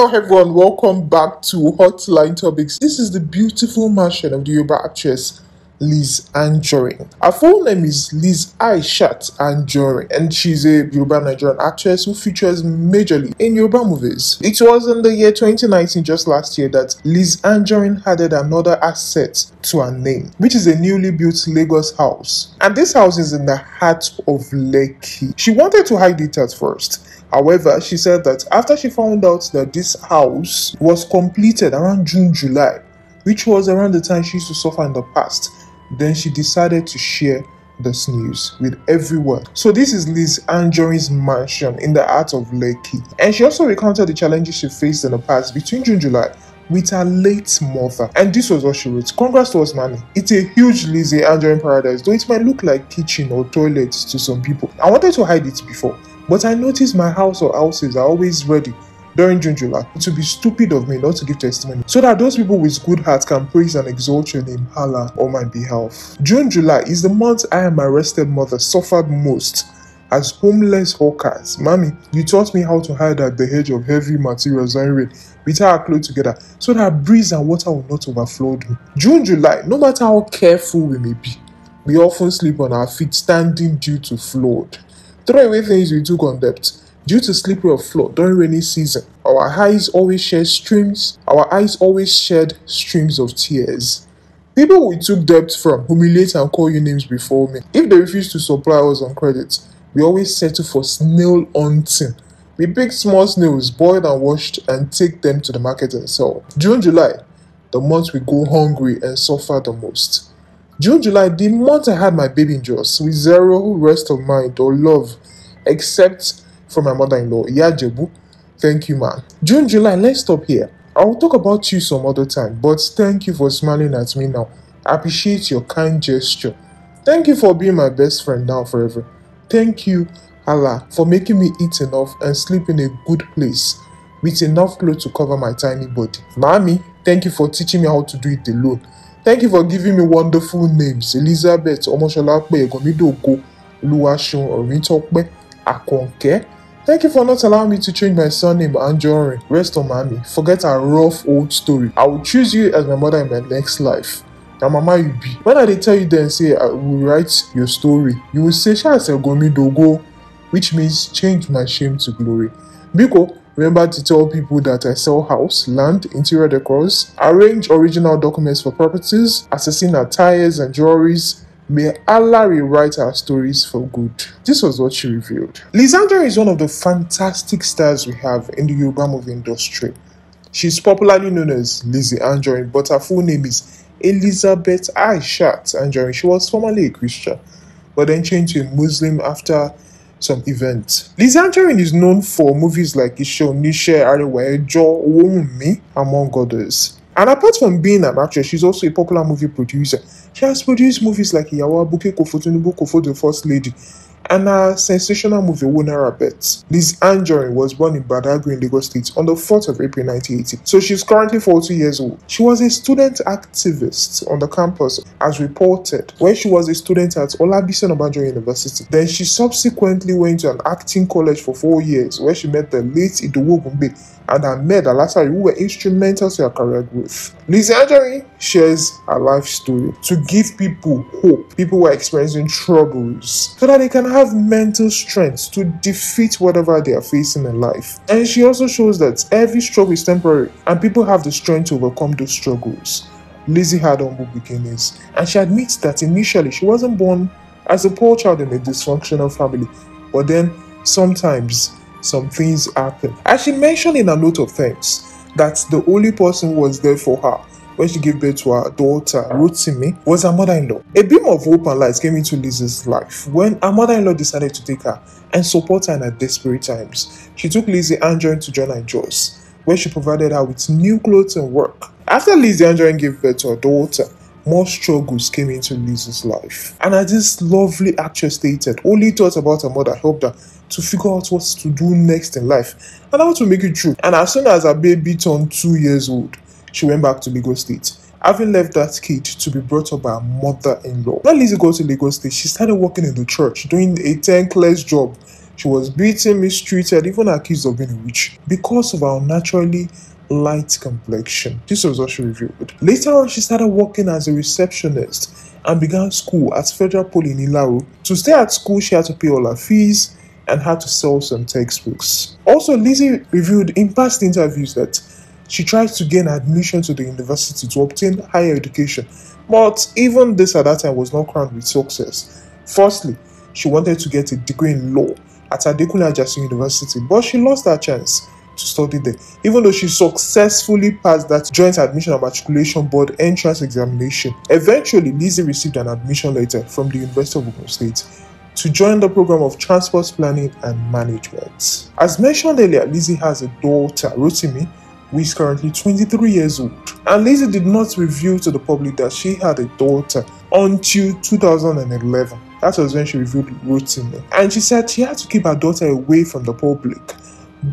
Hello everyone, welcome back to Hotline Topics. This is the beautiful mansion of the Yoruba actress Liz Anjorin. Her full name is Liz Aishat Anjorin, and she's a Yoruba Nigerian actress who features majorly in Yoruba movies. It was in the year 2019, just last year, that Liz Anjorin added another asset to her name, which is a newly built Lagos house. And this house is in the heart of Lekki. She wanted to hide it at first. However, she said that after she found out that this house was completed around June, July, which was around the time she used to suffer in the past, then she decided to share this news with everyone. So this is Liz Anjori's mansion in the heart of Lekki. And she also recounted the challenges she faced in the past between June and July with her late mother. And this was what she wrote. Congrats to us, Manny. It's a huge Lizzie Anjori paradise, though it might look like kitchen or toilets to some people. I wanted to hide it before, but I noticed my house or houses are always ready during June, July, it would be stupid of me not to give testimony so that those people with good hearts can praise and exalt your name, Allah, on my behalf. June, July is the month I and my arrested mother suffered most as homeless hawkers. Mommy, you taught me how to hide at the hedge of heavy materials and rain with our clothes together so that breeze and water will not overflow me. June, July, no matter how careful we may be, we often sleep on our feet standing due to flood. Throw away things we took on debt Due to slippery of floor during rainy season, our eyes always shed streams, our eyes always shed streams of tears. People we took debt from humiliate and call you names before me. If they refuse to supply us on credit, we always settle for snail hunting. We pick small snails, boiled and washed, and take them to the market and sell. June, July, the month we go hungry and suffer the most. June, July, the month I had my baby in jaws, with zero rest of mind or love, except from my mother-in-law, Yajebu. Thank you, man. June, July, let's stop here. I will talk about you some other time, but thank you for smiling at me now. I appreciate your kind gesture. Thank you for being my best friend now forever. Thank you, Allah, for making me eat enough and sleep in a good place with enough clothes to cover my tiny body. Mommy, thank you for teaching me how to do it alone. Thank you for giving me wonderful names Elizabeth, Omosolape, Egomidogo, Luwasun, Orintokpe, Akonke. Thank you for not allowing me to change my surname, Anjorin. Rest on mommy. Forget our rough old story. I will choose you as my mother in my next life. Now, mama, you be. When I tell you then say I will write your story, you will say Sha Gomi Dogo, which means change my shame to glory. Biko, Remember to tell people that I sell house, land, interior decors, arrange original documents for properties, assessing attires and jewelries, May Allah rewrite our stories for good. This was what she revealed. Lisandra is one of the fantastic stars we have in the Yoruba movie industry. She's popularly known as Lizzie Anjorin, but her full name is Elizabeth Aishat Anjorin. She was formerly a Christian, but then changed to a Muslim after some events. Liz is known for movies like Isho Nishe Arewa Ejo Me, among others. And apart from being an actress, she's also a popular movie producer. She has produced movies like Yawa Buke Kofotunubu Kofo, The First Lady, and her sensational movie winner, Bet. Liz Anjorin was born in Badagry in Lagos State on the 4th of April 1980, so she's currently 40 years old. She was a student activist on the campus as reported when she was a student at Olabisi Obanjo University. Then she subsequently went to an acting college for four years where she met the late Idowu Gumbe and Ahmed Alasari, who were instrumental to her career growth. Lizzie Anjari shares her life story to give people hope, people who are experiencing troubles, so that they can have mental strength to defeat whatever they are facing in life. And she also shows that every struggle is temporary and people have the strength to overcome those struggles. Lizzie had humble beginnings, and she admits that initially she wasn't born as a poor child in a dysfunctional family, but then sometimes some things happen. And she mentioned in a note of thanks that the only person who was there for her when she gave birth to her daughter, Rotimi, was her mother-in-law. A beam of hope and light came into Lizzie's life when her mother-in-law decided to take her and support her in her desperate times. She took Lizzie and joined to John and Joyce, where she provided her with new clothes and work. After Lizzie and Andrew gave birth to her daughter, more struggles came into Lizzie's life. And as this lovely actress stated, only thoughts about her mother helped her to figure out what to do next in life and how to make it true. And as soon as her baby turned two years old, she went back to Lagos State having left that kid to be brought up by her mother-in-law. When Lizzie got to Lagos State, she started working in the church, doing a thankless job. She was beaten, mistreated, even accused of being a witch because of her naturally light complexion. This was what she revealed. Later on, she started working as a receptionist and began school at Federal Poly in Ilaro. To stay at school, she had to pay all her fees, and had to sell some textbooks. Also, Lizzie revealed in past interviews that she tried to gain admission to the university to obtain higher education, but even this at that time was not crowned with success. Firstly, she wanted to get a degree in law at Adekunle Ajasin University, but she lost her chance to study there, even though she successfully passed that joint admission and matriculation board entrance examination. Eventually, Lizzie received an admission letter from the University of Oklahoma State to join the program of transport planning and management. As mentioned earlier, Lizzie has a daughter, Rotimi, who is currently 23 years old. And Lizzie did not reveal to the public that she had a daughter until 2011. That was when she revealed Rotimi. And she said she had to keep her daughter away from the public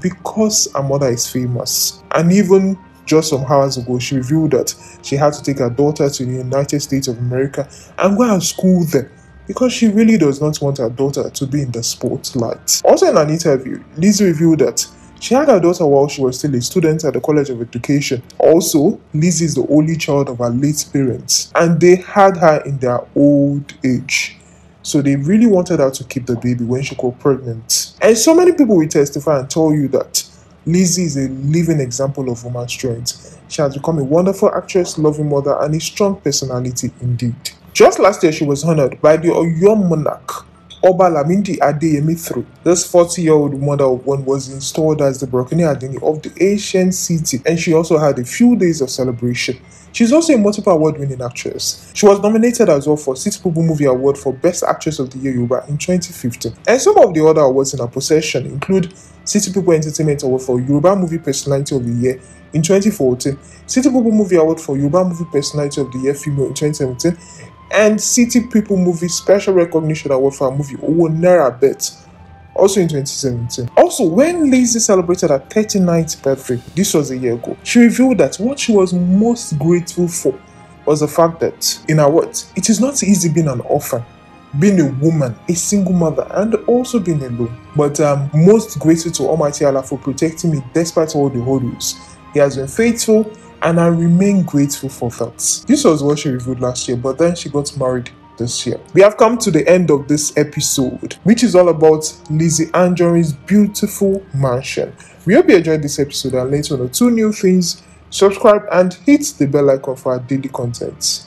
because her mother is famous. And even just some hours ago, she revealed that she had to take her daughter to the United States of America and go and school there because she really does not want her daughter to be in the spotlight. Also, in an interview, Lizzie revealed that she had her daughter while she was still a student at the College of Education. Also, Lizzie is the only child of her late parents, and they had her in their old age. So they really wanted her to keep the baby when she got pregnant. And so many people will testify and tell you that Lizzie is a living example of woman strength. She has become a wonderful actress, loving mother, and a strong personality indeed. Just last year, she was honored by the Oyo monarch, Oba Adeyemi through. This 40-year-old mother of one was installed as the Burkina Adini of the ancient city, and she also had a few days of celebration. She's also a multiple award-winning actress. She was nominated as well for City People Movie Award for Best Actress of the Year Yoruba in 2015. And some of the other awards in her possession include City People Entertainment Award for Yoruba Movie Personality of the Year in 2014, City People Movie Award for Yoruba Movie Personality of the Year Female in 2017, and City People Movie Special Recognition Award for a movie Owo Bet, also in 2017. Also, when Lizzie celebrated her 39th birthday, this was a year ago, she revealed that what she was most grateful for was the fact that, in her words, it is not easy being an orphan, being a woman, a single mother, and also being alone. But I'm most grateful to Almighty Allah for protecting me despite all the hurdles. He has been faithful and I remain grateful for that. This was what she revealed last year, but then she got married this year. We have come to the end of this episode, which is all about Lizzie Anjorin's beautiful mansion. We hope you enjoyed this episode and later on two new things. Subscribe and hit the bell icon for our daily content.